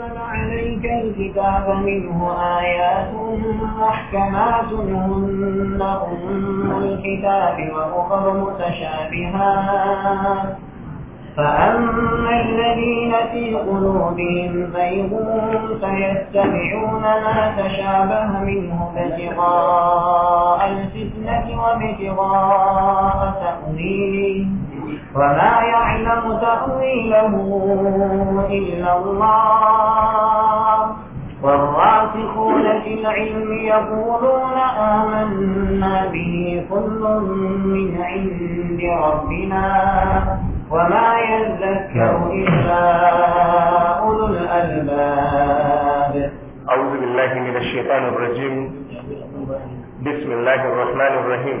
أنزل عليك الكتاب منه آيات محكمات هن أم الكتاب وأخر متشابهات فأما الذين في قلوبهم زيغ فيتبعون ما تشابه منه ابتغاء الفتنة وابتغاء تأويله وما يعلم تأويله إلا الله والراسخون في العلم يقولون آمنا به كل من عند ربنا وما يذكر إلا أولو الألباب أعوذ بالله من الشيطان الرجيم بسم الله الرحمن الرحيم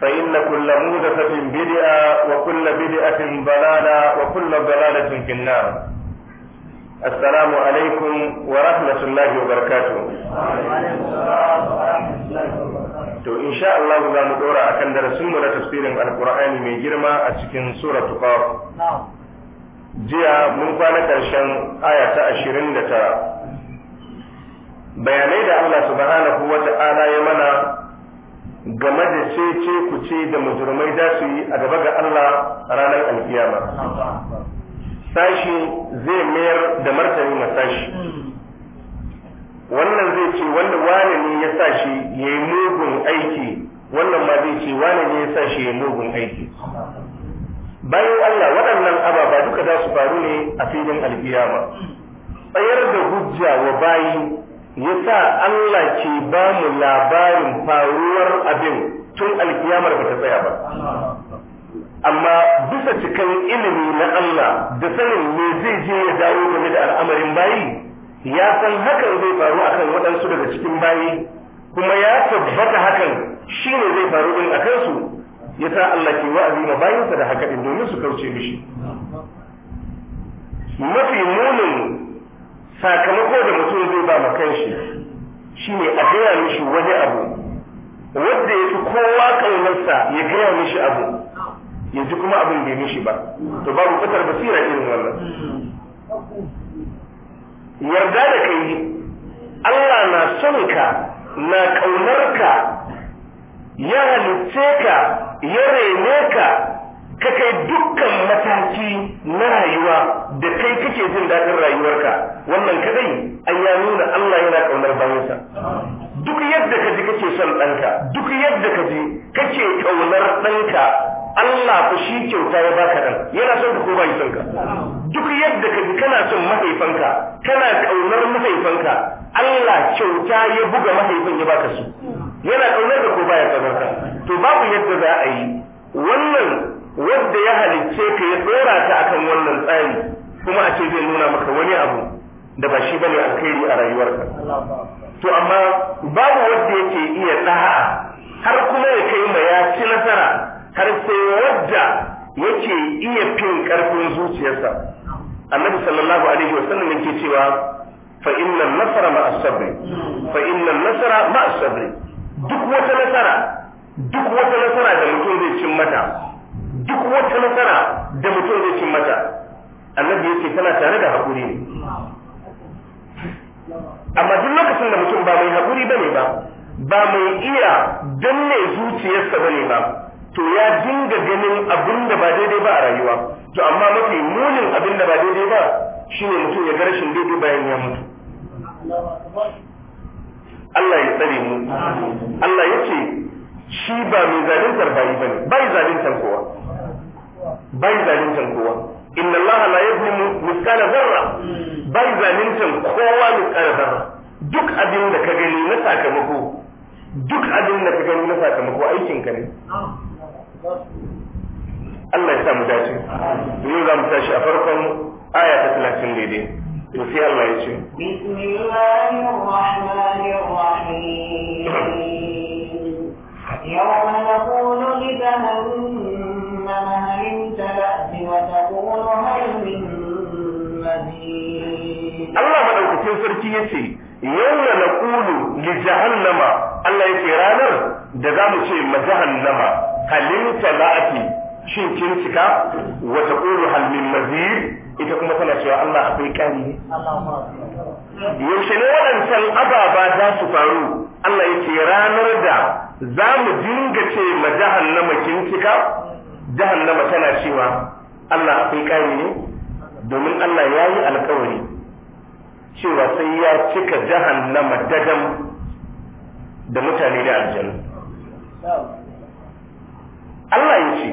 فإن كل مودثة بدعة وكل بدعة ضلالة وكل ضلالة في النار السلام عليكم ورحمة الله وبركاته to sha Allah za mu dora akan darasin mu na tafsirin alqur'ani mai girma a cikin suratu qaf jiya mun kwana karshen aya ta 29 bayanai da Allah subhanahu ta'ala ya mana game da cece ku ce da mujrimai za su yi a gaba ga Allah ranar alkiyama sashi zai mayar da martani na sashi wannan zai ce wanda wane ne ya sashi ya yi mugun aiki wannan ma zai ce wane ne ya sa ya yi mugun aiki bayan Allah waɗannan ababa duka za su faru ne a filin alkiyama tsayar da hujja wa bayi ya sa Allah ke ba mu labarin faruwar abin tun alkiyamar ba ta tsaya ba amma bisa cikin ilimi na Allah da sanin me zai je ya dawo game da al'amarin bayi ya san hakan zai faru akan waɗansu daga cikin bayi kuma ya tabbata hakan shi ne zai faru ɗin a kansu, ya sa Allah ke wa'azi ma bayinsa da haka ɗin domin su kauce mishi mafi munin sakamako da mutum zai ba ma kanshi ne a gaya mishi wani abu wanda ya fi kowa ƙaunarsa ya gaya mishi abu yanzu kuma abin bai mishi ba to babu bukatar basira irin wannan yarda da kai Allah na son ka na ƙaunar ka ya halitce ka ya rene ka ka kai dukkan mataki na rayuwa da kai kake jin daɗin rayuwarka wannan kadai an ya nuna Allah yana ƙaunar bayansa duk yadda ka ji kake son ɗanka duk yadda ka ji kake ƙaunar ɗanka Allah ku shi kyauta ya baka ɗan yana son ka ko ba son ka duk yadda ka ji kana son mahaifanka kana ƙaunar mahaifanka Allah kyauta ya buga mahaifin ya baka su yana ƙaunar da ko baya son ka to babu yadda za a yi wannan wanda ya halicce ka ya tsora ta akan wannan tsari kuma a ce zai nuna maka wani abu da ba shi bane alkhairi a rayuwarka to amma babu wanda yake iya tsaha har kuma ya kai ma ya ci nasara har sai wadda yake iya fin karfin zuciyarsa annabi sallallahu alaihi wasallam yake cewa fa inna nasara ma as-sabr fa inna nasara ma as-sabr duk wata nasara duk wata nasara da mutum zai cin mata duk wata nasara da mutum zai cin mata annabi yake tana tare da haƙuri ne amma duk lokacin da mutum ba mai haƙuri bane ba ba mai iya danne zuciyarsa bane ba to ya dinga ganin abin da ba daidai ba a rayuwa to amma mafi munin abin da ba daidai ba shine mutum ya ga rashin daidai bayan ya mutu Allah ya tsare mu Allah ya ce shi ba mai zalintar bayi bane bai zalintar kowa bai zalintar kowa inna allaha la yuzlimu mithqala dharra bai zalintan kowa mithqala dharra duk abin da ka gani na sakamako duk abin da ka gani na sakamako aikin ka ne Allah ya sa mu dace yau za mu tashi a farkon aya ta 30 daidai to sai Allah ya ce bismillahir rahmanir rahim yawma naqulu li jahannam allah وتقول sarki ya ce, الله na ƙulu يتي يوم نقول Allah ya يتي ranar da za mu ce majahannama halin salati shin kin cika wa taqulu halin min ita kuma tana cewa Allah akwai ƙari ne yaushe ne waɗancan ababa za su faru Allah ya ce ranar da za mu dinga ce ma majahannama kin cika jahannama tana cewa Allah akwai ƙari ne domin Allah ya yi alkawari cewa sai ya cika jahannama dadan da mutane da aljanu Allah ya ce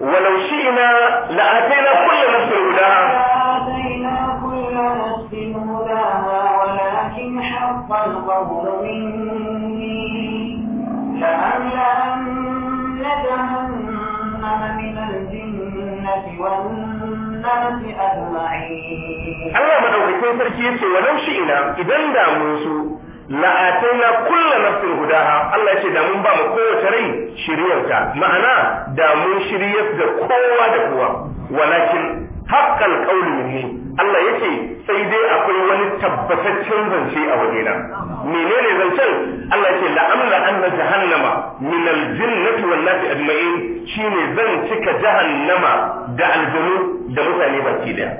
walau shi'ina la'ataina kullu nafsin hudaha القول مني جهنم من الجنة والناس أجمعين الله مدوكتين تركيسي ولو شئنا إذا داموسو la'ataina kulla nafsin hudaha Allah yace damun mun ba mu kowace rai shiryarta ma'ana da mun shiryar da kowa da kowa walakin haqqal qawlu minni Allah ya ce sai dai akwai wani tabbataccen zance a wajena menene zancen Allah ya ce la'amla anna jahannama min aljinnati wan nasi ajma'in shine zan cika jahannama da aljanu da mutane baki daya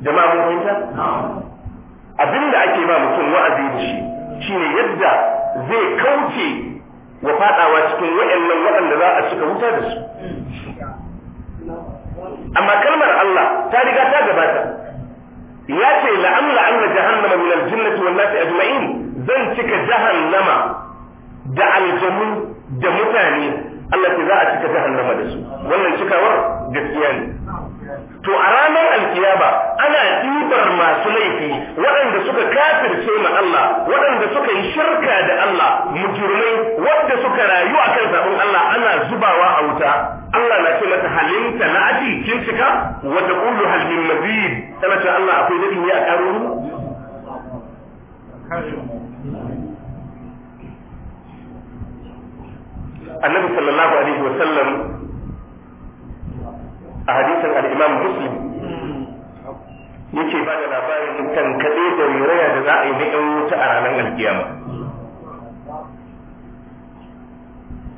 jama'a mun fahimta abinda ake ba mutum wa'azi da shi shine yadda zai kauce wa fadawa cikin wa'annan waɗanda za a cika wuta da su amma kalmar Allah ta riga ta gabata ya ce la'amla anna jahannama min al-jannati wan nasi ajma'in zan cika jahannama da aljanu da mutane Allah ce za a cika jahannama da su wannan cikawar gaskiya ne to a ranar alkiyama ana ɗibar masu laifi waɗanda suka kafirce ma Allah waɗanda suka yi shirka da Allah mujurmai wadda suka rayu akan zaɓin Allah ana zubawa a wuta Allah na ce mata halinta na aji kin cika wa taqulu hal min mazid tana ce Allah akwai nabi ne a karo Annabi sallallahu alaihi wa sallam a hadisin al-Imam Muslim yake ba da labarin kan kade da riraya da za a yi na ƴan wuta a ranar alkiyama.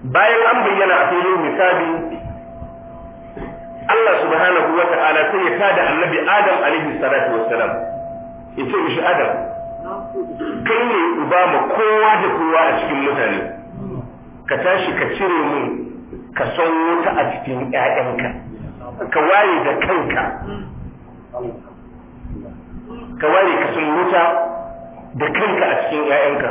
bayan an bayyana a filin misali, Allah subhanahu wa ta'ala sai ya tada annabi Adam alaihi salatu salam ya ce mishi Adam kai ne uba ma kowa da kowa a cikin mutane ka tashi ka cire mu ka san wuta a cikin ƴaƴanka ka waye da kanka ka waye ka san wuta da kanka a cikin ƴaƴanka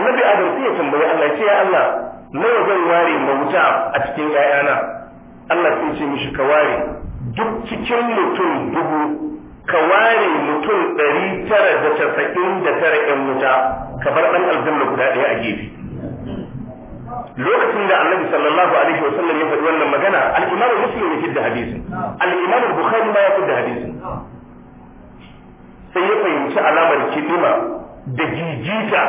annabi Adam sai ya tambayi Allah ya ce ya Allah nawa zan ware ma wuta a cikin ‘ya'yana Allah sai ce mishi ka ware duk cikin mutum dubu ka ware mutum ɗari tara da casa'in da tara ‘yan wuta ka bar ɗan aljanna guda ɗaya a gefe lokacin da annabi sallallahu alaihi wa sallam ya faɗi wannan magana al-imamu muslim ya fidda hadisin al-imamu bukhari ma ya fidda hadisin sai ya fahimci alamar kilima da jijita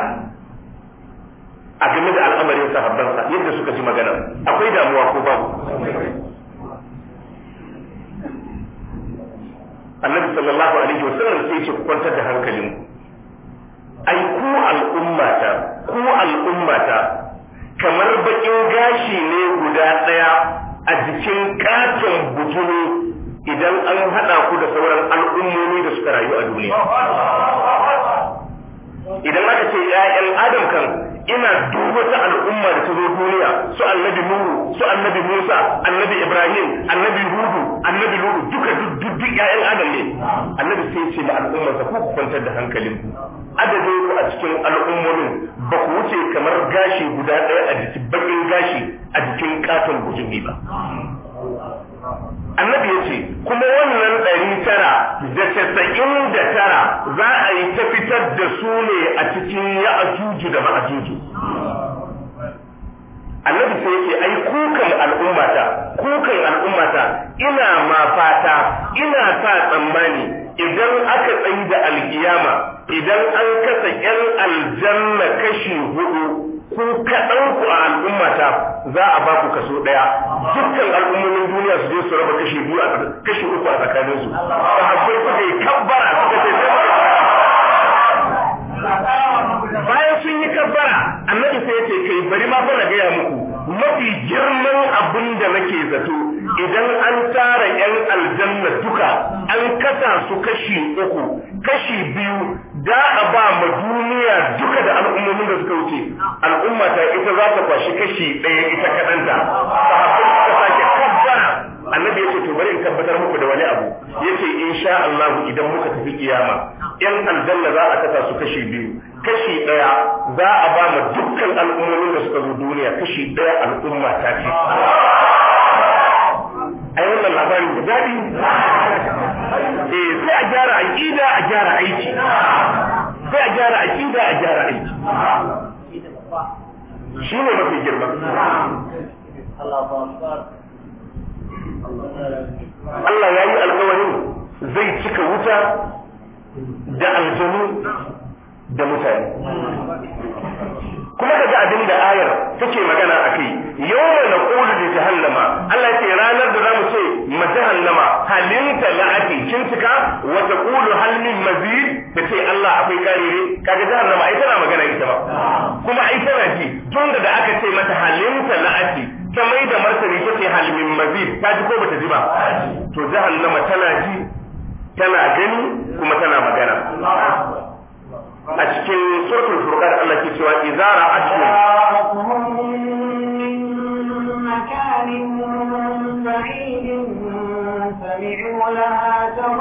a game da al'amarin sahabbansa yadda suka ji magana akwai damuwa ko babu annabi sallallahu alaihi wa sallam, sai ce kwantar da hankalinku ai ku al'ummata ku al'ummata kamar bakin gashi ne guda daya a jikin katon bujuru idan an hada ku da sauran al'ummomi da suka rayu a duniya idan aka ce 'ya'yan adam kan ina duba ta al'umma da ta zo duniya su annabi nuhu su annabi musa annabi ibrahim annabi hudu annabi nuhu duka duk ya'yan adam ne annabi sai ce da al'ummarsa ko ku kwantar da hankalin ku adadin ku a cikin al'ummomin ba ku wuce kamar gashi guda ɗaya a jikin bakin gashi a jikin katon bujumi ba annabi ya ce kuma wannan ɗari tara da casa'in da tara za a yi ta fitar da su ne a cikin ya ajuju da ma'ajuju annabi sai yake ai kukan al'ummata kukan al'ummata ina ma fata ina sa tsammani idan aka tsayi da alkiyama idan an kasa yan aljanna kashi hudu ku kaɗan ku a al'ummata za a ba ku kaso ɗaya dukkan al'ummomin duniya su je su raba kashi biyu a kashi uku a tsakanin su yi kabbara ce bayan sun yi kabbara annabi sai ya ce kai bari ma fara gaya muku mafi girman abin da nake zato idan an tara yan aljanna duka an kasa su kashi uku kashi biyu da a ba ma duniya duka da al'ummomin da suka wuce al'umma ta ita za ta kwashi kashi ɗaya ita kaɗanta sahabbin suka sake annabi yace to bari in tabbatar muku da wani abu yace insha Allah idan muka tafi kiyama yan aljanna za a kasa su kashi biyu kashi ɗaya za a ba ma dukkan al'ummomin da suka zo duniya kashi daya al'umma ta ce ai wannan labarin da daɗi eh sai a gyara aqida a gyara aiki sai a gyara aqida a gyara aiki shi ne mafi girma Allah ya yi alkawarin zai cika wuta da aljanu da mutane kuma kaga abin da ayar take magana a akai yawma naqulu ta hallama. Allah ce ranar da zamu kin cika wata taqulu halmin mazi mazid da ce Allah akwai karire kaga jahannama ai tana magana ita ba kuma ai tana ji tunda da aka ce mata halinta la'ati ta mai da martani ta ce mazi mazid ta ji ko bata ji ba to jahannama tana ji tana gani kuma tana magana a cikin suratul furqan Allah ke cewa idza ra'atuhum lokacin da za a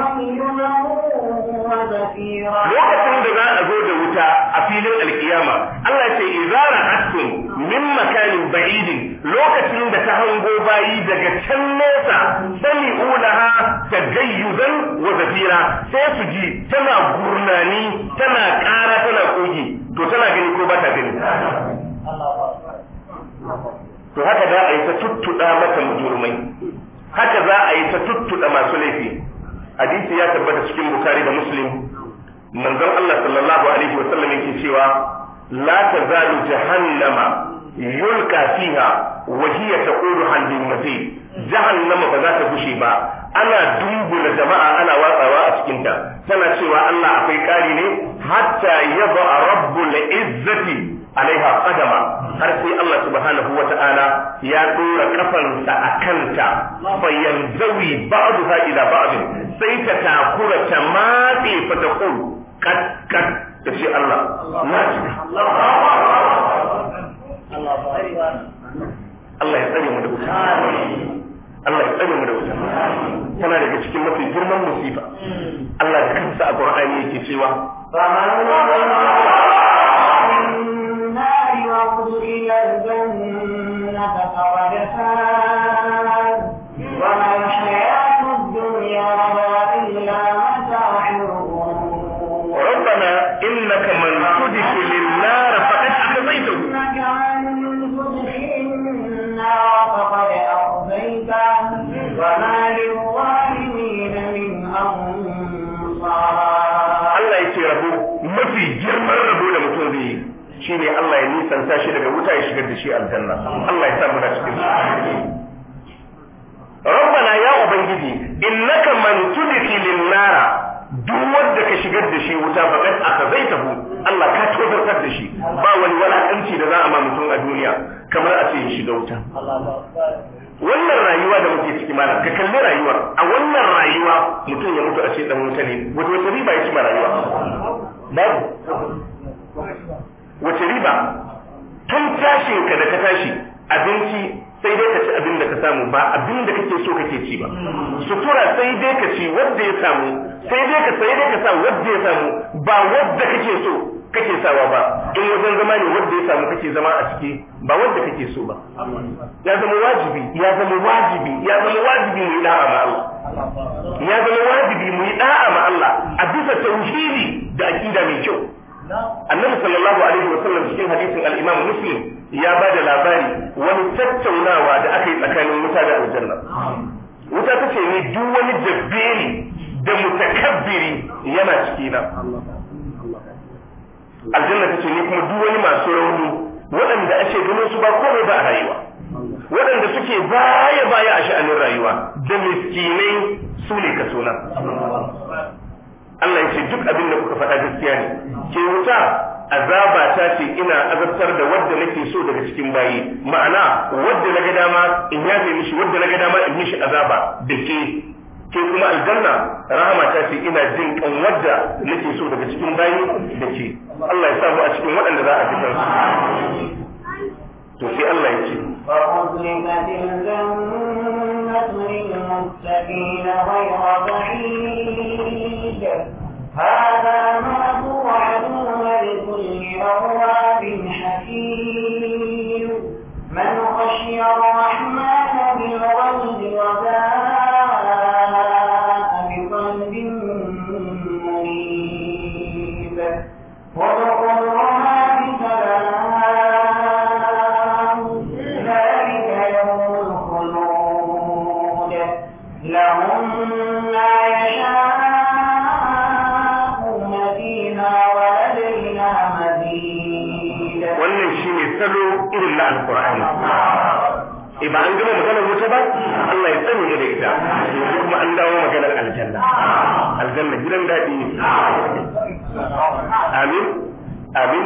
zo da wuta a filin alkiyama Allah ce izara hakkun min makanin ba'idin lokacin da ta hango bayi daga can nesa sani ulaha ta gayyuzan wa zafira sai su ji tana gurnani tana kara tana kogi to tana gani ko ba ta gani to haka da a yi ta tuttuɗa mata mujurmai haka za a yi ta tuttuɗa masu laifi hadisi ya tabbata cikin bukari da muslim manzon Allah sallallahu alaihi wa sallam yake cewa la tazalu jahannama yulka fiha wa hiya taqulu hal min mazid jahannama ba za ta gushe ba ana dumbula jama'a ana watsawa a cikin ta tana cewa Allah akwai kari ne hatta yaba rabbul izzati alaiha qadama har sai Allah subhanahu wata'ala ya ɗora kafarsa a kanta fa yanzawi ba'daha ila ba'd sai ta takura ta matse fa ta qul kat kat Allah na Allah Allah ya tsare mu da wuta cikin mafi girman musifa Allah da kansa a Qur'ani yake cewa shigar da shi aljanna Allah ya sa muna cikin su rabbana ya ubangiji innaka man tudkhilin linnara duk wanda ka shigar da shi wuta fakat tafi Allah ka tozartar da shi ba wani walakanci da za a ma mutum a duniya kamar a ce ya shiga wuta wannan rayuwa da muke ciki mana ka kalli rayuwar a wannan rayuwa mutum ya mutu a ce dan wuta ne wato wata riba ya ci ma rayuwa babu wace riba tun tashin ka da ka tashi abinci sai dai ka ci abin da ka samu ba abin da kake so kake ci ba sutura sai dai ka ci wanda ya samu sai dai ka sai dai ka samu wanda ya samu ba wanda kake so kake sawa ba in wajen zama ne wanda ya samu kake zama a ciki ba wanda kake so ba ya zama wajibi ya zama wajibi ya zama wajibi mu yi da'a ma Allah ya zama wajibi mu yi da'a ma Allah a bisa tauhidi da aqida mai kyau annabi sallallahu alaihi wasallam cikin hadisin al-imam muslim ya ba da labari wani tattaunawa da aka yi tsakanin wuta da aljanna wuta ta ce ni duk wani jabbiri da mutakabbiri yana cikina aljanna ta ce ni kuma duk wani masu rauni waɗanda ake ganin su ba komai ba a rayuwa waɗanda suke baya baya a sha'anin rayuwa da miskinai su ne kasona Allah ya ce duk abin da kuka faɗa gaskiya ne ke wuta azaba ta ce ina azabtar da wadda nake so daga cikin bayi ma'ana wadda na ga dama in ce mishi wadda na ga dama in mishi azaba da ke ke kuma aljanna rahama ta ce ina jin kan wadda nake so daga cikin bayi da ke Allah ya sa mu a cikin waɗanda za a fitar su to sai Allah ya ce فأزلفت الجنة للمتقين غير بعيد هذا ما هو لكل أواب حكيم من خشي الرحمن بالغيب وبال ba an gama maganar wuta ba Allah ya tsare mu da ita yanzu kuma an dawo maganar aljanna aljanna gidan daɗi ne amin amin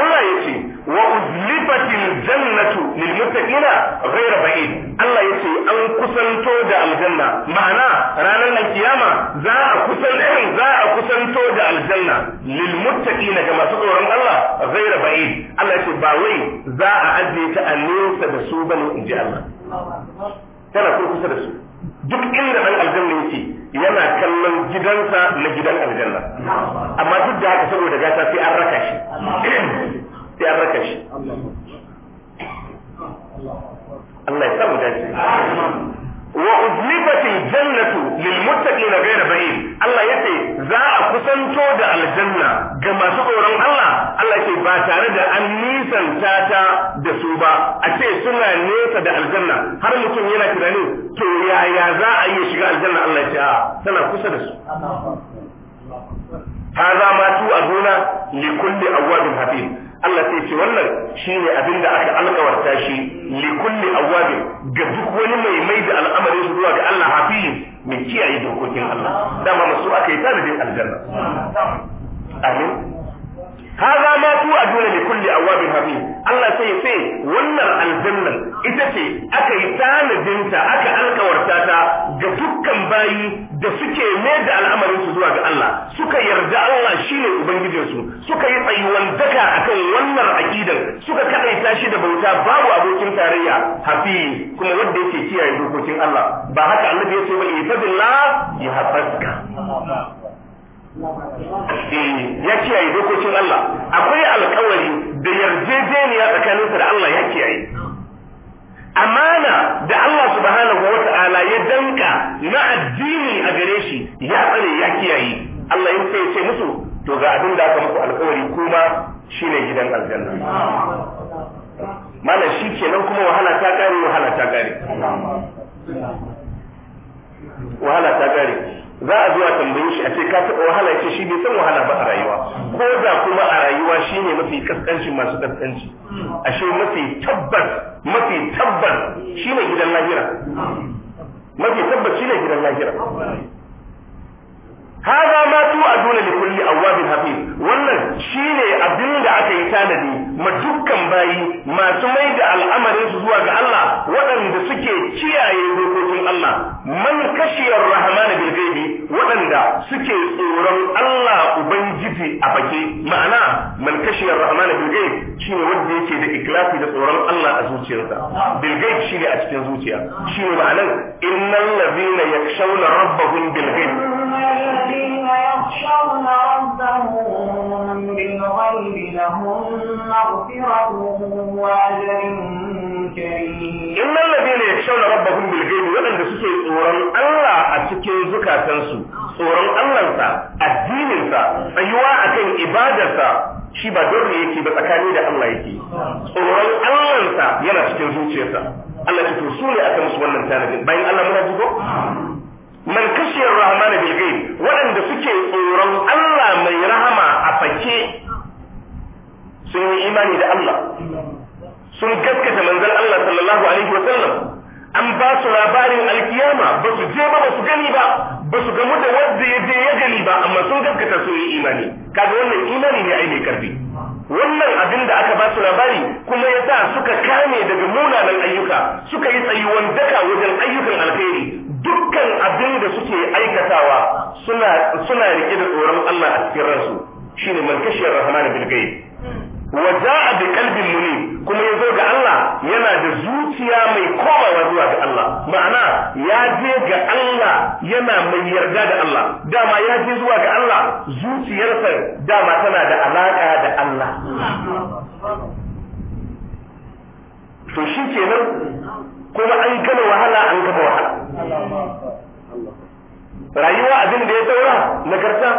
Allah ya ce wa uzlifatil jannatu lil muttaqina ghayra ba'id Allah ya ce an kusanto da aljanna ma'ana ranar alkiyama za a kusan za a kusanto da aljanna lil muttaqina ga masu tsoron Allah ghaira ba'id Allah ce ba wai za a ajiye ta a nesa da su bane in ji Allah tana kurkusa da su duk inda dan aljanna yake yana kallon gidansa na gidan aljanna amma duk da haka saboda gata sai an raka sai an raka wa uzlifatil jannatu na muttaqina bai ba'id Allah yace za a kusanto da aljanna ga masu tsoron Allah Allah yace ba tare da an nisanta ta da su ba a ce suna nesa da aljanna har mutum yana tunani to yaya za a iya shiga aljanna Allah yace a tana kusa da su هذا ما توعدون لكل أواب حفيظ Allah sai ce wannan shine abin da aka alkawarta shi li kulli awabin ga duk wani mai mai da al'amari kiyaye dokokin Allah dama masu aka yi tanadin aljanna amin haza ma ku a dole ne kulli awabin hafi Allah sai ya wannan aljannan ita ce aka yi tanadinta aka alkawarta ta ga dukkan bayi da suke ne da al'amarin zuwa ga Allah suka yarda Allah shine ubangijin su suka yi tsayuwan daka akan wannan aqidan suka kadaita shi da bauta babu abokin tarayya hafi kuma wanda yake kiyaye dokokin Allah ba haka Allah ya ce ba ifadillah ya hafaska ya kiyaye dokokin Allah akwai alkawari da yarjejeniya tsakaninsa da Allah ya kiyaye amana da Allah subhanahu wa ta'ala ya danka na addini a gare shi ya tsare ya kiyaye Allah sai ce musu to ga abin da aka muku alkawari kuma shine gidan aljanna mana shi kenan kuma wahala ta kare wahala ta kare wahala ta kare za a zuwa tambaye shi a ce ka taɓa wahala ce shi bai san wahala ba a rayuwa ko da kuma a rayuwa shi ne mafi kaskanci masu kaskanci ashe mafi tabbas mafi tabbas shi ne gidan lahira mafi tabbas shi ne gidan lahira haza ma tu dole da kulli awabin hafiz wannan shine abin da aka yi tanadi ma dukkan bayi masu mai da al'amarin su zuwa ga Allah waɗanda suke kiyaye dokokin man kashiyar rahmani bil gaibi waɗanda suke tsoron Allah ubangiji a bake ma'ana man kashiyar rahmani bil gaibi shine wanda yake da ikhlasi da tsoron Allah a zuciyarsa bil gaibi shine a cikin zuciya shine ma'anan innal ladhina yakshawna rabbahum bil gaibi يخشون ربهم بالغيب لهم مغفرة وأجر ne ladina na rabba bil ghaibi Waɗanda suke tsoron Allah a cikin zukatansu tsoron Allahnsa, addininsa, tsayuwa a tsayuwa akan ibadarsa shi ba dole yake ba tsakani da Allah yake tsoron Allahnsa yana cikin zuciyarsa Allah ya to su ne akan wannan tanadin bayan Allah muna jigo man kashiyar rahama bil ghaib Waɗanda suke tsoron Allah mai rahama a fake sun yi imani da Allah sun gaskata manzon Allah sallallahu alaihi wasallam an ba su labarin alkiyama ba su je ba su gani ba ba su gamu da wanda ya je ya gani ba amma sun gaskata sun yi imani kaga wannan imani ne ai mai karfi wannan abin da aka ba su labari kuma ya sa suka kame daga munanan ayyuka suka yi tsayuwan daka wajen ayyukan alkhairi dukkan abin da suke aikatawa suna suna rike da tsoron Allah a cikin ransu shine man kashe rahman bil wa ja'a bi qalbin munib kuma yazo ga Allah yana da zuciya mai komawa zuwa ga Allah ma'ana ya je ga Allah yana mai yarda da Allah dama ya je zuwa ga Allah zuciyarsa dama tana da alaka da Allah to shi kenan kuma an kana wahala an kafa wahala rayuwa abin da ya daura nagarta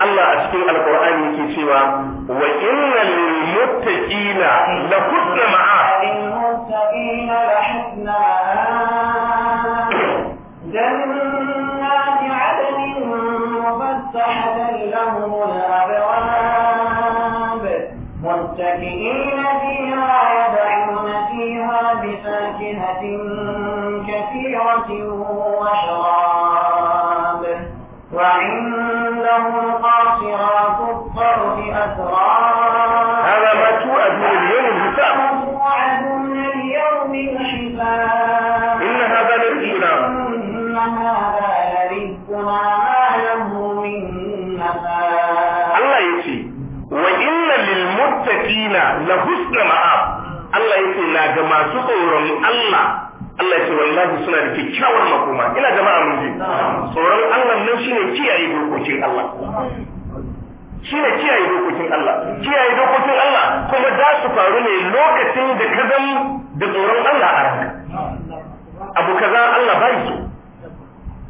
Allah a cikin alkur'ani yake cewa wa inna lil muttaqina la husna ma'a muttaqina la husna جنات عدن مفتحة لهم الأبواب متكئين فيها يدعون فيها بفاكهة كثيرة وشراب وعندهم صراط الضرب أسرار هذا ما توعدون اليوم الحساب توعدون اليوم الحساب إن هذا لرزقنا إن هذا لرزقنا ما له من نفاد الله يجزي وإن للمتقين لحسن مآب Allah ya ce na ga masu tsoron Allah Allah ya ce wallahi suna da kyakkyawar makoma ina jama'a mun ji tsoron Allah nan shine kiyaye dokokin Allah shi ne kiyaye dokokin Allah kiyaye dokokin Allah kuma za su faru ne lokacin da ka da tsoron Allah a ranka abu kaza Allah bai so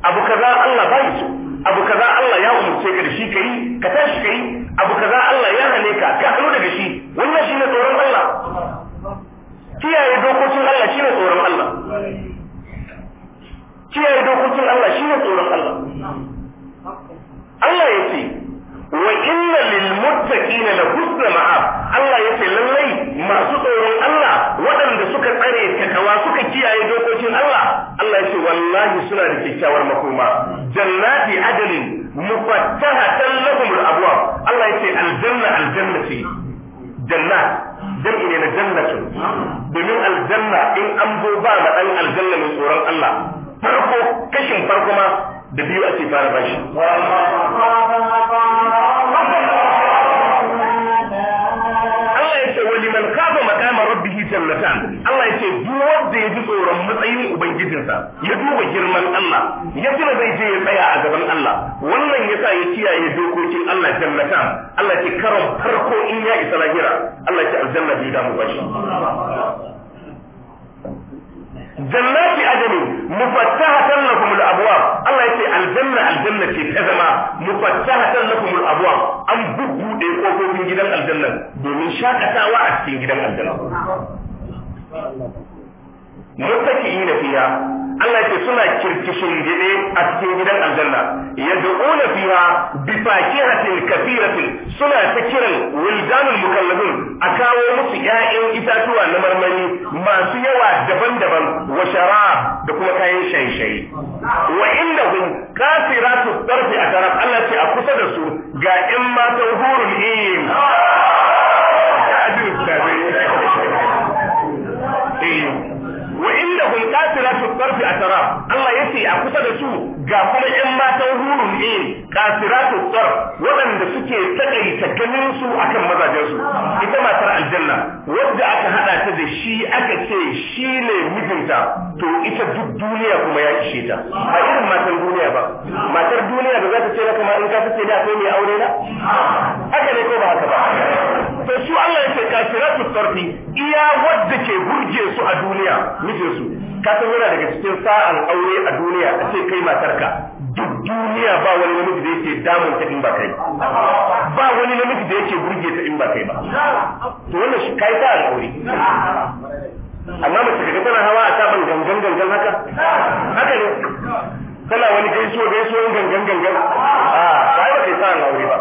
abu kaza Allah bai so abu kaza Allah ya umurce ka da shi kai ka tashi kai abu kaza dokokin Allah jannata Allah ce karon farko in ya isa lahira Allah ce aljanna bai da mu bashi jannati adani mufattahatan lakum al-abwab Allah ta zama mufattahatan lakum al-abwab an bubbude kofofin gidan aljanna domin shakatawa a cikin gidan aljanna ina fiya Allah ce suna kirkishin gine a cikin gidan aljanna yad'una fiha bi fakihatin suna ta kiran wildanul mukallafin a kawo musu ƴaƴan itatuwa na marmari masu yawa daban-daban wa sharab da kuma kayan shaye-shaye wa indahum kasiratu tarfi a taraf Allah ce a kusa da su ga ƴan matan hurul in titi a kusa da su ga kuma ‘yan matan hurun e kasiratu tsar waɗanda suke taƙaita ganin su akan mazajensu ita matar aljanna wadda aka haɗa ta da shi aka ce shi ne mijinta to ita duk duniya kuma ya ishe ta ba irin matan duniya ba matar duniya da za ta ce maka ma in ka fice ne akwai mai aure na haka ne ko ba haka ba to su Allah yake su sarfi iya wadda ke burge su a duniya muje su ka san yana daga cikin sa'an aure a duniya a ce kai matarka duk duniya ba wani namiji da yake damun ta in ba kai ba wani namiji da yake burge ta in ba kai ba to wannan shi kai sa'an aure amma mace kaga tana hawa a saban gangan gangan haka haka ne tana wani gaisuwa gaisuwan gangan gangan ah, a ba kai sa'an aure ba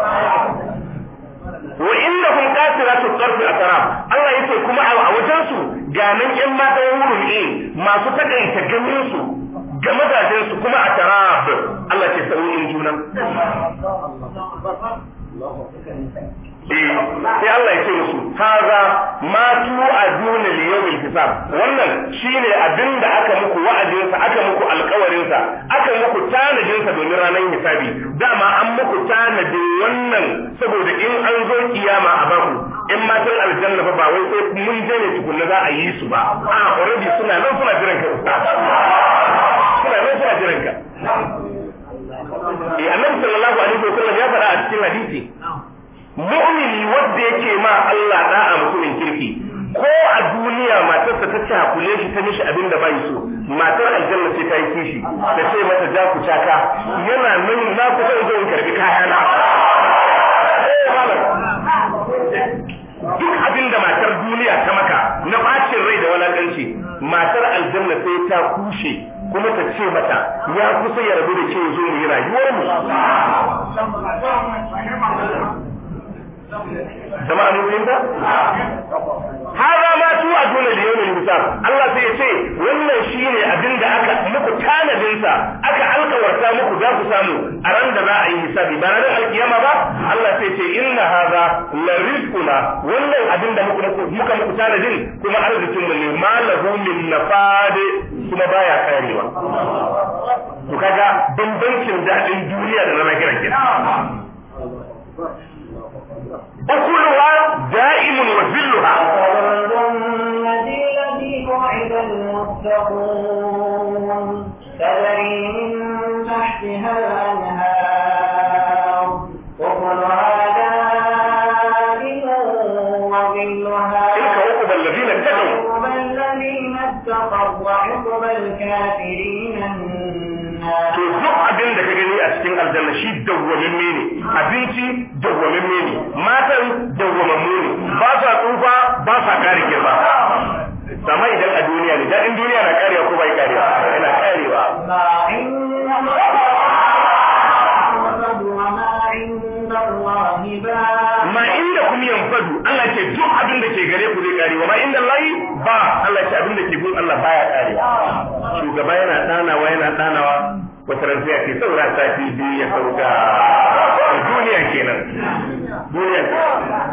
wa innahum qasiratu a atram Allah yace kuma a wajen su ga nan yan mata wurin e masu takaita ganin su ga mazajen su kuma atraf Allah ce sauyin eh, Allah ya ce musu haza ma tu'aduna hisab wannan shine abin da aka muku wa'adinsa aka muku sa aka muku tanadinsa domin ranar hisabi dama an muku tanadin wannan saboda in an zo kiyama a baku in matan aljanna ba wai sai mun je ne tukunna za a yi su ba a already suna nan suna jiran ka suna nan suna jiran ka eh nan sallallahu alaihi wasallam ya faɗa a cikin hadisi mu'mini wanda yake ma Allah da'a mutumin kirki ko a duniya matarsa ta ci hakule shi ta mishi abin da bai so matar aljanna ce ta yi kishi ta ce mata za ku caka yana nan na ku zai zo in kaya kayana duk abin da matar duniya ta maka na bacin rai da walakanci matar aljanna sai ta kushe kuma ta ce mata ya kusa ya rabu da ce zo mu yi rayuwar mu jama'a mun fahimta hada ma tu dole da yawon hisab Allah sai ya ce wannan shine abin da aka muku tanadinsa aka alkawarta muku za ku samu a ran da za a yi hisabi ba alkiyama ba Allah sai ya ce inna haza la rizquna wannan abin da muka muku tanadin kuma arzikin mu ne malahu min nafade kuma baya karewa Ku kaga bambancin dadin duniya da na kiran kina وكلها دائم وذلها تجري من تحتها الأنهار أكلها دائم تلك وعقب الكافرين النار to duk abin da ka gani a cikin aljanna shi dawwamin ne abinci amma idan a duniya ne dan duniya na karewa ko bai karewa yana karewa ma inda kuma fadu Allah ce duk abin da ke gare ku zai karewa ma inda layi ba Allah ce abin da ke gudu Allah baya karewa shugaba yana danawa yana wa, wata rantsa ke saura sati biyu ya sauka duniya kenan duniya kenan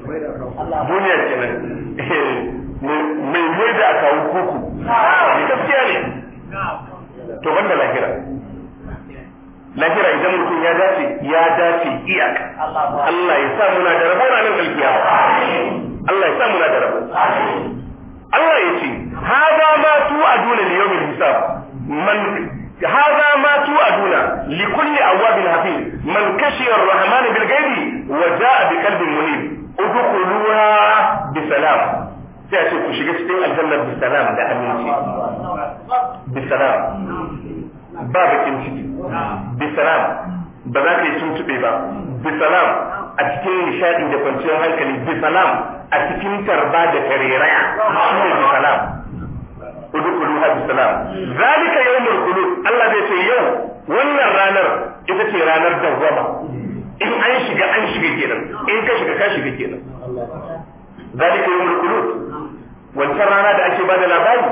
duniya kenan mai eh, mai da aka hau kuku gaskiya ne to banda lahira lahira idan mutum ya dace ya dace iyaka Allah ya sa muna da rabo ranar alkiyama Allah ya sa muna da rabo Allah ya ce hada ma tu aduna li yawmil hisab man hada ma tu aduna li kulli awabin hafiz man kashiya ar-rahman bil ghaibi wa jaa bi qalbin munib udkhuluha bi salam sai a ce ku shiga cikin aljanna bi salam da aminci bi ba bakin ciki bi salam ba za ka yi tuntube ba bi salam a cikin nishadi da kwanciyar hankali bi a cikin tarba da tareraya zalika yawmul Allah zai yau wannan ranar ita ce ranar dawwama in an shiga an shiga kenan in ka shiga ka shiga kenan zalika yawmul qulub wancan rana da ake bada labari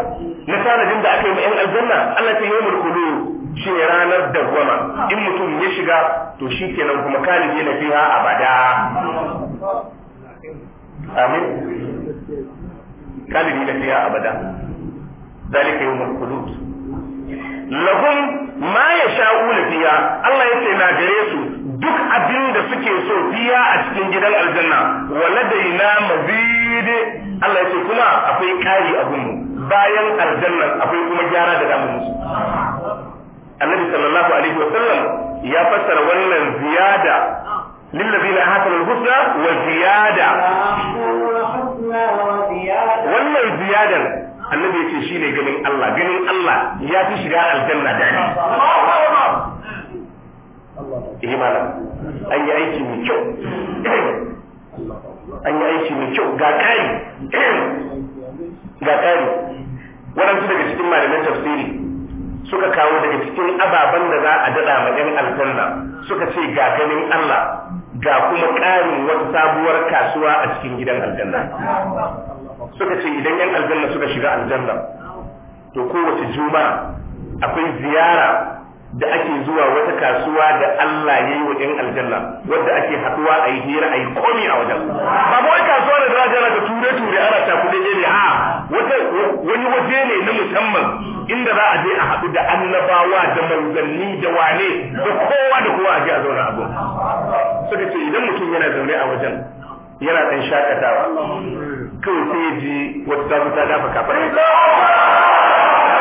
na sanadin da aka yi ma yan aljanna Allah ta yawmul qulub shi ne ranar dawwama in mutum ya shiga to shi kenan kuma kalibi na fiha abada amin kalibi na fiha abada zalika yawmul qulub lahum ma ya yasha'una fiha Allah yace na gare su duk abin da suke so biya a cikin gidan aljanna wa waladaina mazid Allah ya ce kuma akwai kari a gunmu bayan aljanna akwai kuma gyara da damu musu Annabi sallallahu alaihi wa sallam ya fassara wannan ziyada lillazina ahsanul husna wa ziyada wannan ziyadar Annabi ya ce shine ganin Allah ganin Allah ya fi shiga aljanna dani eh malam an yi aiki mai kyau an yi aiki mai kyau ga kari ga kari waɗansu daga cikin malamin tafsiri suka kawo daga cikin ababen da za a daɗa ma ɗan aljanna suka ce ga ganin Allah ga kuma ƙarin wata sabuwar kasuwa a cikin gidan aljanna suka ce idan yan aljanna suka shiga aljanna to kowace juma'a akwai ziyara da ake zuwa wata kasuwa da Allah ya yi wa ɗan aljanna wadda ake haɗuwa a yi hira a yi komi a wajen. Ba wai kasuwa da za a ga ture-ture ana cakuɗe ne a wani waje ne na musamman inda za a je a haɗu da annabawa da manzanni da wane da kowa da kowa a je a zauna abu. Suka ce idan mutum yana zaune a wajen yana ɗan shakatawa kawai sai ya ji wata ta dafa kafa.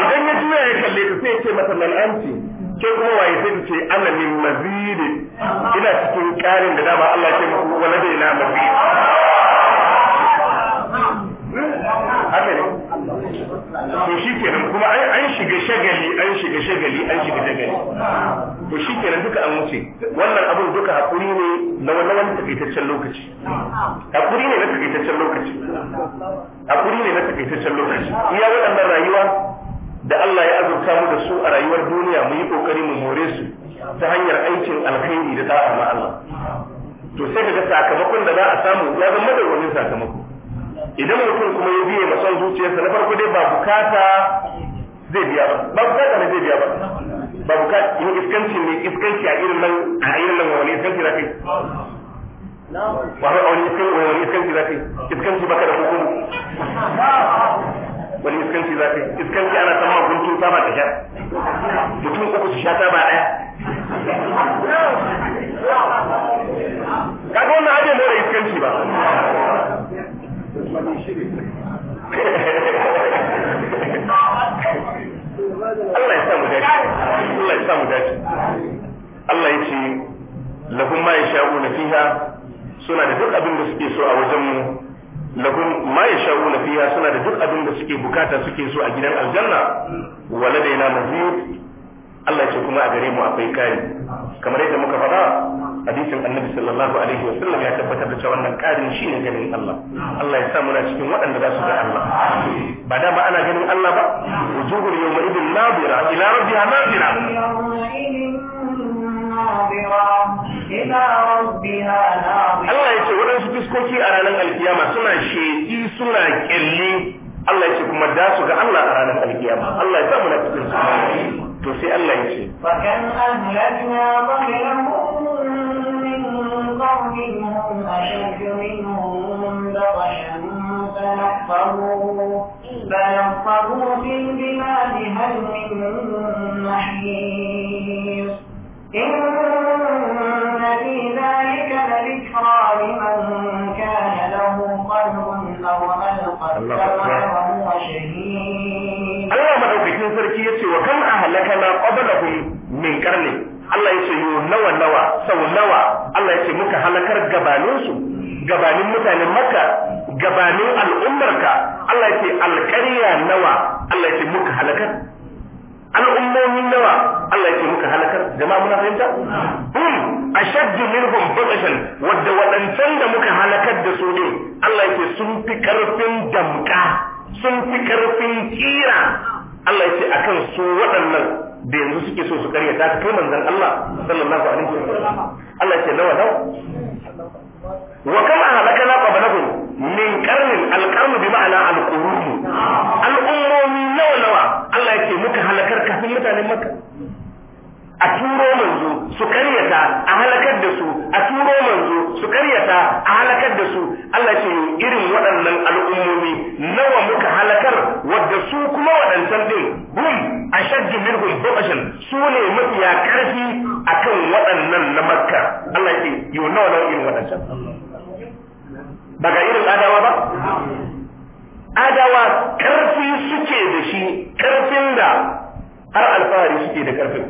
Idan ya juya ya kalle ta sai ya ce masa lal'anci ke kuma waye sai ce ana min mazidi ina cikin karin da dama Allah ke muku wala da ina mazidi haka to shi nan kuma an shiga shagali an shiga shagali an shiga shagali to shi nan duka an wuce wannan abun duka hakuri ne na wannan wani takaitaccen lokaci hakuri ne na takaitaccen lokaci hakuri ne na takaitaccen lokaci iya wadannan rayuwa da Allah ya azurta mu da su a rayuwar duniya mu yi kokari mu more su ta hanyar aikin alkhairi da ta'a ma Allah to sai kaga sakamakon da za a samu ya zama madawwamin sakamako idan mutum kuma ya biye masan zuciyarsa na farko dai ba bukata zai biya ba ba bukata ne zai biya ba ba bukata in iskanci ne iskanci a irin nan a irin nan wani iskanci za ka yi ba wani iskanci za ka yi iskanci baka da hukumu wani iskanci za ka yi iskanci ana san ma guntun saba ka sha mutum uku su sha saba ɗaya kaga wannan abin mora iskanci ba Allah ya samu dace Allah ya samu dace Allah ya ce lahum ma yasha'una fiha suna da duk abin da suke so a wajen mu lahum ma yasha'una fiha suna da duk abin da suke bukata suke so a gidan aljanna wa ladaina mazid Allah ya ce kuma a gare mu akwai kari kamar yadda muka faɗa hadisin annabi sallallahu alaihi wa sallam ya tabbatar da cewa wannan karin shi ne ganin Allah Allah ya sa muna cikin waɗanda za su ga Allah ba da ba ana ganin Allah ba wujuhul yawma idin nadira ila rabbiha nadira Allah ya ce waɗansu fuskoki a ranar alkiyama suna sheƙi suna ƙyalli Allah ya ce kuma da su ga Allah a ranar alkiyama Allah ya sa mu na cikin su to sai Allah ya ce فَيَنْفَرُوا Allah madaukakin sarki ya ce wa kan ahalaka na qablahum min karni nawa nawa sau nawa Allah ya ce muka halakar gabaninsu gabanin mutanen Makka gabanin al'ummarka Allah ya ce alƙarya nawa Allah ya ce muka halakar Al'ummomin nawa Allah ke muka halakar jama'a muna fahimta hum ashaddu minhum batashan wadda wadancan da muka halakar da su ne Allah ke sun fi karfin damka sun fi karfin kira Allah ce akan su waɗannan da yanzu suke so su karyata ka kai manzon Allah sallallahu alaihi wasallam Allah ce nawa nawa wa kama halakana qablahum min karnin alkarnu bi ma'ana alkuruni al'ummomi nawa nawa Allah ya ce muka halakar kafin mutanen maka a turo manzo su karyata a halakar da su a turo manzo su karyata a halakar da su Allah ya ce irin waɗannan al'ummomi nawa muka halakar wadda su kuma waɗancan din hum ashaddu minhum buqashan su ne mafiya karfi akan waɗannan na Makka Allah ya ce yau nawa nawa irin waɗancan ba irin adawa ba adawa karfi suke da shi karfin da har alfahari suke da karfin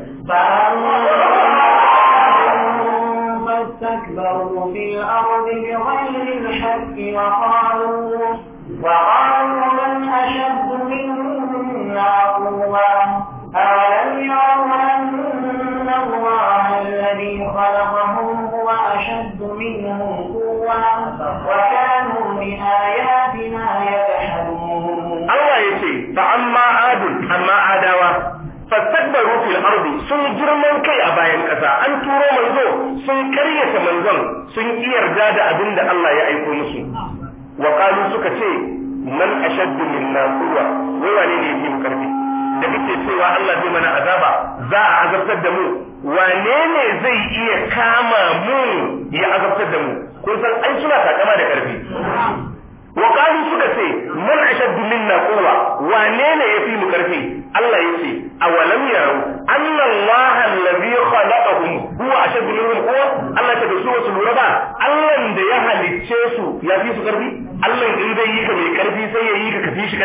فاستكبروا في الأرض bayan ƙasa an turo manzo sun karyata manzon sun ki yarda da abin da Allah ya aiko musu wa qalu suka ce man ashaddu minna quwwa wai wane ne yake mu karfi da kake cewa Allah zai mana azaba za a azabtar da mu wane ne zai iya kama mu ya azabtar da mu kun san ai suna takama da karfi wa suka ce man ashaddu minna quwwa wane ne yafi mu karfi Allah yace awalam yarau anna Allah allazi khalaqahum huwa ashaddu minhum quwwa Allah ta dace wasu lura ba Allah da ya halicce su yafi su karfi Allah yi ka mai sai ya yi ka shi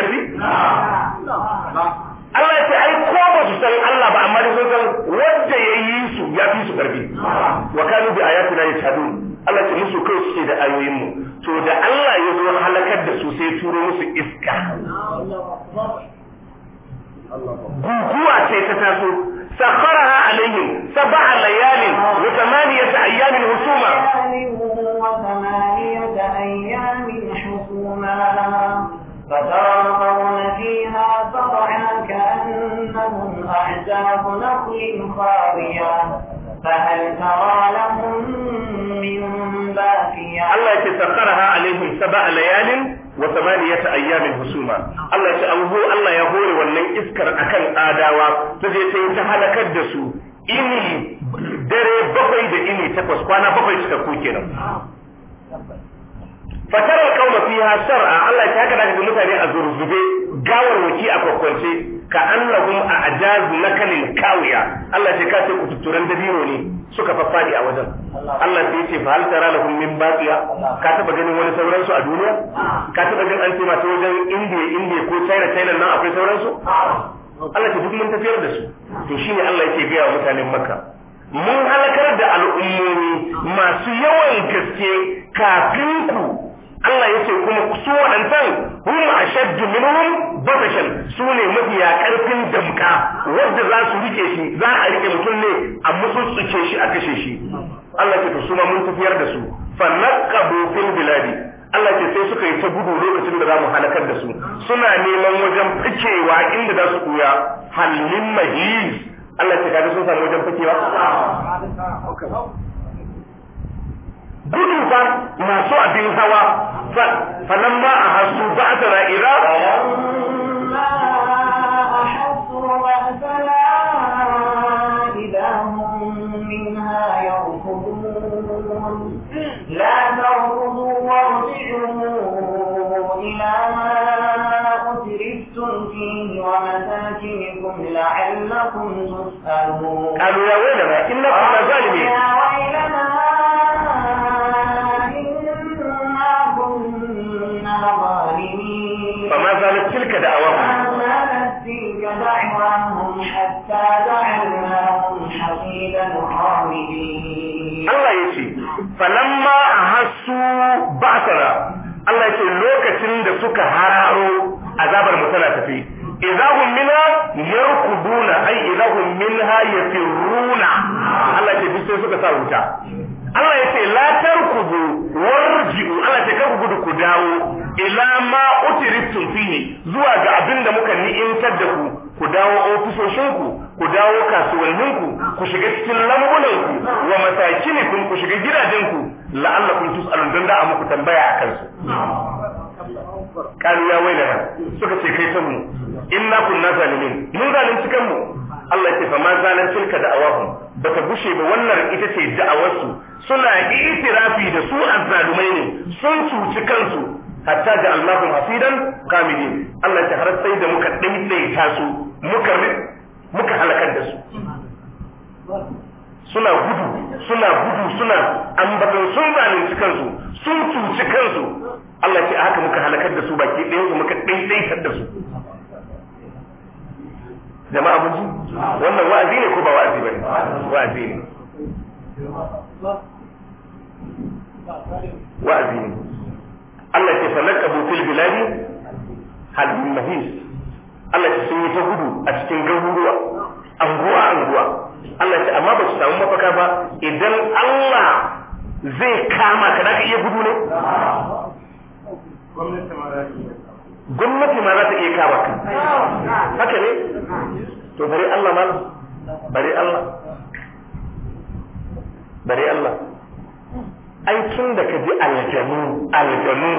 Allah ya ce ai ko ba su san Allah ba amma da sun san wanda ya yi su ya fi su karfi wa kanu bi ayatina yashhadun Allah ce musu kai suke da ayoyin mu to da Allah ya zo halakar da su sai turo musu iska guguwa ce ta taso sakharaha alaihim sab'a layalin wa thamaniyata ayyamin husuma فترى القوم فيها صرعا كأنهم أعجاب نخل خاوية Allah yake tsakara ha alaihim sab'a layalin wa thamaniyata ayamin husuma Allah yake anhu Allah ya hore wannan iskar akan adawa to je sai ta halakar da su ini dare bakwai da ini takwas kwana bakwai suka kuke nan fa tara kauma fiha shar'a Allah yake haka da mutane a zurzube gawar waki a kwakwance ka annahum a ajazu nakalin kawiya Allah ce ka ku kututturan dabiro ne suka faffadi a wajen Allah sai ce fal hal tara lahum min baqiya ka taba ganin wani sauran su a duniya ka taba ganin an ce ma ta wajen indiya indiya ko China China nan akwai sauran su Allah ce duk mun tafiyar da su to shine Allah yake wa mutanen Makka mun halakar da al'ummomi masu yawan gaske kafin ku Allah ya ce kuma su waɗancan a ashaddu minhum batashan su ne mafiya ƙarfin damka wanda za su rike shi za a rike mutum ne a mutsutsuke shi a kashe shi Allah ke to su ma mun tafiyar da su fa naqabu fil biladi Allah ke sai suka yi ta gudu lokacin da za mu halakar da su suna neman wajen fakewa inda za su koya halin mahis Allah ke kaga sun samu wajen fikewa gudu ba masu abin hawa falan ma a hasu ba a tara ira لا تركضوا وارجعوا إلى ما أترفتم فيه ومساكنكم لعلكم تسألون قالوا يا ويلنا إنكم لظالمين falamma ahassu ba'sara Allah ce lokacin da suka hararo azabar mu tana tafi idahum minha yarkuduna ay idahum minha yafiruna Allah ce duk suka sa wuta Allah ya la tarkubu warji'u Allah ce ka gudu ku dawo ila ma utiritum fihi zuwa ga abinda muka ni'imtar da ku ku dawo ofisoshinku. ku dawo kasuwanninku ku shiga cikin ku wa masakinikum ku shiga gidajenku la'allakum tus'alun don da muku tambaya a kansu kalu ya waila suka ce kai san inna kunna zalimin mun zalunci kanmu Allah ya ce fa ma zalan tilka da'awahum Baka gushe ba wannan ita ce da'awarsu suna itirafi da su azzalumai ne sun cuci kansu hatta da Allahu hasidan kamidin Allah ya har sai da muka daidaita su muka muka halakar da su suna gudu suna gudu suna ambatan sun zalunci kansu sun cuci kansu Allah ce haka muka halakar da su baki da su muka ɗaiɗaitar da su jama'a mun ji wannan wa'azi ne ko ba wa'azi bane wa'azi ne wa'azi ne Allah ce falakabu fil biladi hal mahis Allah ya sun yi ta gudu a cikin garuruwa anguwa anguwa Allah ya amma ba su samu mafaka ba idan Allah zai kama ka ka iya gudu ne gwamnati ma za ta iya kama ka haka ne to bari Allah ma bari Allah bari Allah ai tun da ka ji aljanu aljanu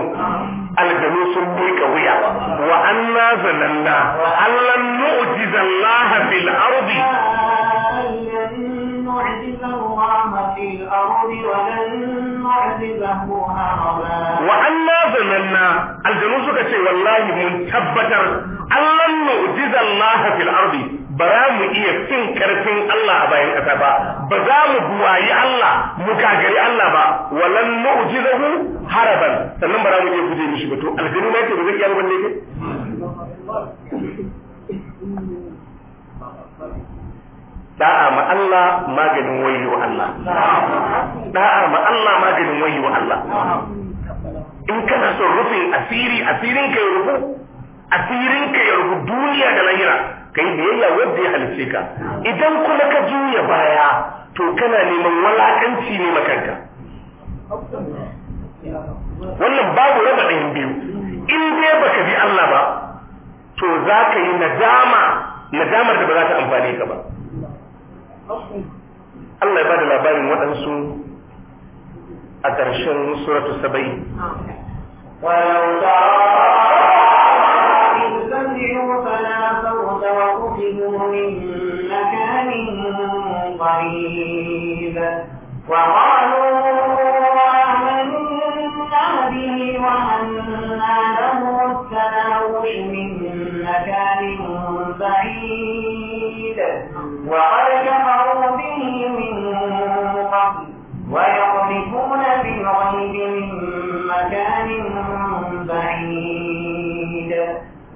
aljanu sun miƙa wuya wa anna zananna allan nu'jiza Allah fil ardi wa anna zananna aljanu suka ce wallahi mun tabbatar allan nu'jiza Allah fil ardi ba za mu iya fin karfin Allah a bayan ƙasa ba ba za mu buwayi Allah mu kagari Allah ba walan nu'jizahu haraban sannan ba za mu iya guje mishi ba to aljinu na ke ba zai iya ba ne ke da'a ma Allah maganin wa Allah da'a ma Allah maganin wa Allah in kana son rufin asiri asirin ka ya rufu asirin ka ya rufu duniya da lahira kai biyayya wanda ya halice ka idan kuma ka juya baya to kana neman walakanci ne makanka wannan babu raba ɗayan biyu in dai baka bi Allah ba to za ka yi nadama nadamar da ba za ta amfani ka ba Allah ya bada labarin waɗansu a ƙarshen suratu saba'i. من مكان قريب وقالوا آمنا به وأنا له التناوش من مكان بعيد وقد كفروا به من قبل ويقذفون بالغيب من مكان بعيد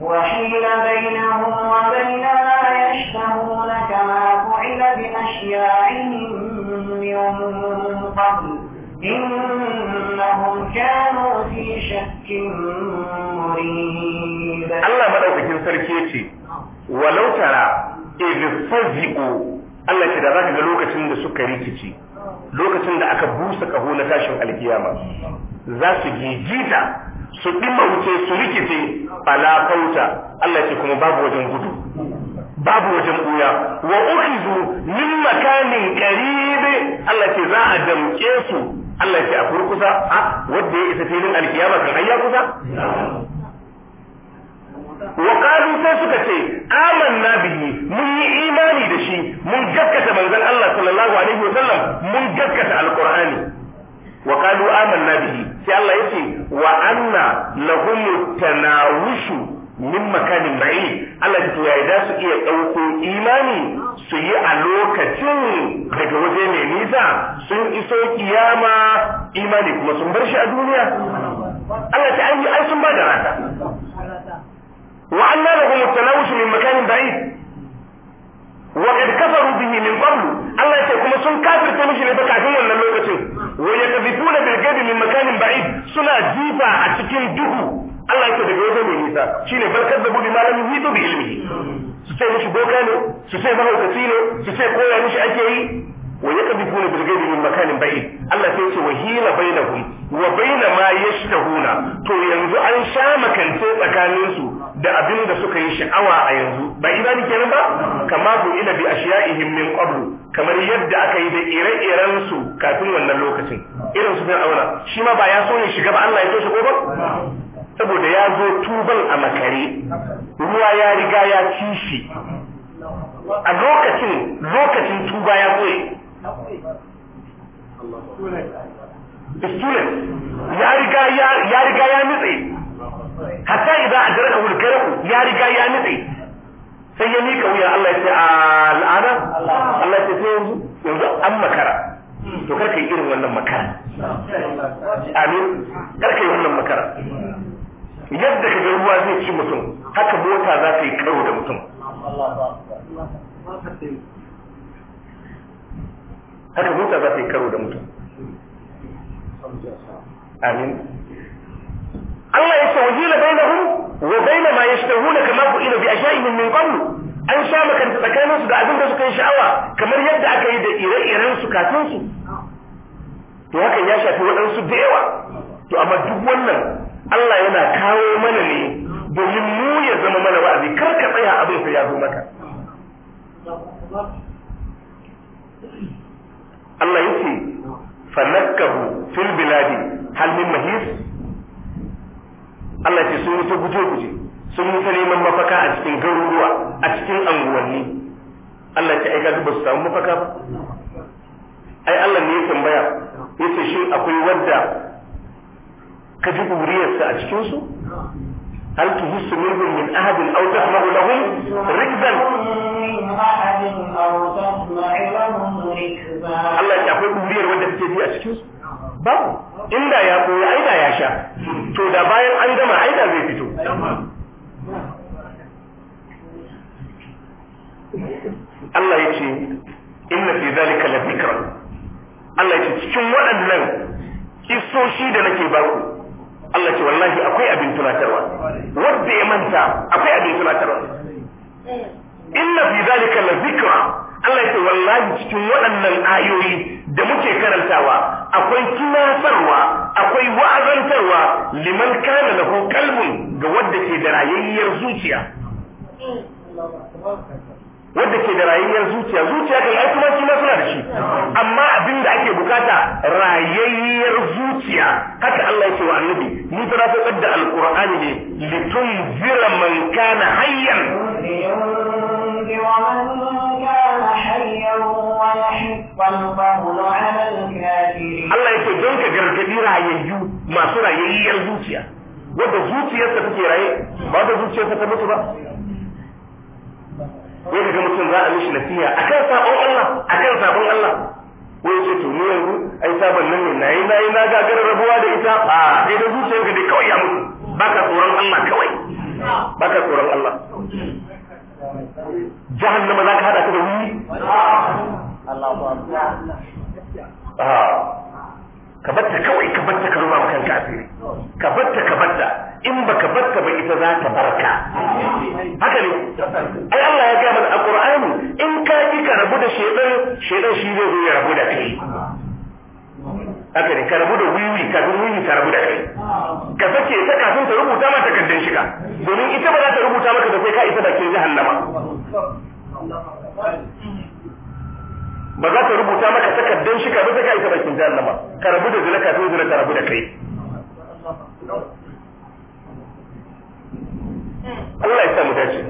وحيل بينهم وبين ما يشتهون كما فعل بأشياعهم من قبل إنهم كانوا في شك مريب الله في كنسر كيتي ولو ترى إذ فزئوا Allah ce da za ka ga lokacin da suka rikici lokacin da aka busa kaho na tashin alkiyama za su gijita su wuce su rikice fala fauta Allah ce kuma babu wajen gudu babu wajen buya wa ukhizu min makanin qarib Allah ce za a damke su Allah ce a kurkusa a wanda ya isa filin alkiyama kan ayya kusa wa qalu sai suka ce amanna bihi mun yi imani da shi mun gaskata manzon Allah sallallahu alaihi wasallam mun gaskata alqur'ani wa qalu amanna bihi sai Allah ya ce wa anna lahum tanawushu min makanin ba'i Allah ya ce ya da su iya ɗauko imani su yi a lokacin daga waje mai nisa sun iso kiyama imani kuma sun bar shi a duniya Allah ta ayi ai sun ba da rata wa anna lahum tanawushu min makanin ba'i wa kad kafaru bihi min qablu Allah ya ce kuma sun kafirta mishi ne kafin wannan lokacin wa yakzifuna bil gadi min makanin ba'id suna jifa a cikin duhu Allah yake daga wajen mai nisa shine barkar da budi malamin hito bi ilmi su ce mishi boka ne su ce mahaukaci ne su ce koya mishi ake yi wa yakbifuna bil ghaibi min makanin ba'id Allah sai ce wahila bainahum wa baina ma yashtahuna to yanzu an sha makance tsakanin su da abin da suka yi sha'awa a yanzu ba imani kenan ba kama bu ila bi ashiya'ihim min qablu kamar yadda aka yi da ire-iren su kafin wannan lokacin irin su auna shi ma ba ya so ne shiga ba Allah ya so shi ko ba saboda ya zo tuban a makare ruwa ya riga ya ci shi a lokacin lokacin ya riga ya riga ya nutse hatta idan adraka hulkarahu ya riga sai ya mika wuya Allah ya ce al'ana Allah ya ce sai yanzu yanzu an makara to karka irin wannan makara amin karka wannan makara yadda ka ga ruwa zai ci mutum haka mota za ta karo da mutum haka mota za ta yi karo da mutum amin Allah ya sa wajila hun, wa baina ma yashtahuna kama fu'ila bi ashya'ihim min kwanu. an sha makanta tsakaninsu da abin da suka yi sha'awa kamar yadda aka yi da ire-iren su kafin su to hakan ya shafi waɗansu da yawa to amma duk wannan Allah yana kawo mana ne domin mu ya zama mana wa'azi kar ka tsaya abin sai ya zo maka Allah yake fanakkahu fil biladi hal min mahis Allah yake sun ta guje guje sun yi ta neman mafaka a cikin garuruwa a cikin anguwanni Allah ya aika kaga ba su samu mafaka ba ai Allah ne ya tambaya yace shi akwai wanda ka ji buriyarsa a cikin su أن تهس منهم من أحد أو تسمع لهم ركبا Allah ya akwai kuriyar wanda suke bi cikin su? Babu, inda ya koya aida ya to da bayan an gama aida zai fito. Allah ya inna fi zalika la fikra. Allah ya cikin waɗannan kisoshi da nake baku Allah ce wallahi akwai abin tunatarwa wanda ya manta akwai abin tunatarwa inna fi zalika la zikra Allah ya ce wallahi cikin waɗannan ayoyi da muke karantawa akwai tunatarwa akwai wa'azantarwa liman kana lahu qalbun ga wanda ke da rayayyar zuciya wanda ke da rayayyar zuciya zuciya kan ai kuma shi ma suna da shi amma abin da ake bukata rayayyar zuciya haka Allah yake wa annabi ni fa fadar da alqur'ani ne litunzira man kana hayyan Allah yake don ka gargadi rayayyu masu rayayyar zuciya wanda zuciyarsa take raye ba da zuciyarsa ta mutu ba wai kaga mutum za a mishi nasiha akan sabon Allah kan sabon Allah wai ce to ni yanzu ai sabon nan ne nayi nayi na gagara rabuwa da ita a sai da ga dai kawai ya mutu baka tsoron Allah kawai baka tsoron Allah jahannama za ka hada ta da wuri ka batta kawai ka batta ka baka barka ba ita za ta barka haka ne ai Allah ya gaya mana a ƙurani in ka ki ka rabu da shedan shedan shi zai zo ya rabu da kai haka ne ka rabu da wiwi kafin wiwi ka rabu da kai ka sake ta kafin ta rubuta ma takardar shiga domin ita ba za ta rubuta maka da sai ka isa da ke jahannama ba za ta rubuta maka takardar shiga ba sai ka isa da jahannama ka rabu da zulaka to zulaka rabu da kai Allah ya sa mu dace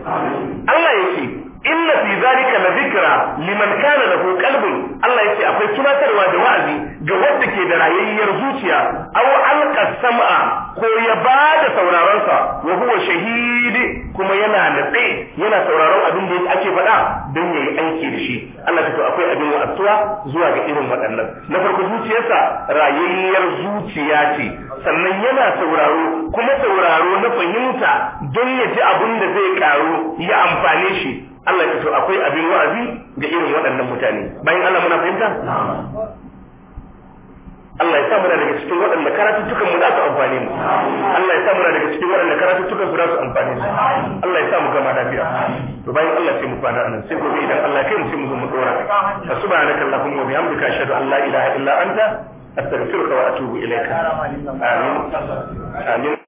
Allah ya ce inna fi zalika la zikra liman kana lahu qalbun Allah yace akwai tunatarwa da wa'azi ga wanda ke da rayayyar zuciya aw alqa sam'a ko ya bada sauraron sa wa huwa shahid kuma yana natse yana sauraron abin da ake faɗa don yayi aiki da shi Allah ta akwai abin wa'azuwa zuwa ga irin waɗannan na farko zuciyarsa rayayyar zuciya ce sannan yana sauraro kuma sauraro na fahimta don ya ji abin da zai karu ya amfane shi Allah ya so akwai abin wa'azi ga irin waɗannan mutane bayan Allah muna fahimta Allah ya sa muna daga cikin waɗanda karatuttukan mu za su amfane mu Allah ya sa muna daga cikin waɗanda karatuttukan su za su amfane mu Allah ya sa mu gama lafiya to bayan Allah sai mu fara anan sai gobe idan Allah kai mu sai mu zo mu dora subhanaka allahumma wa bihamdika ashhadu an la ilaha illa anta astaghfiruka wa atubu ilaika amin amin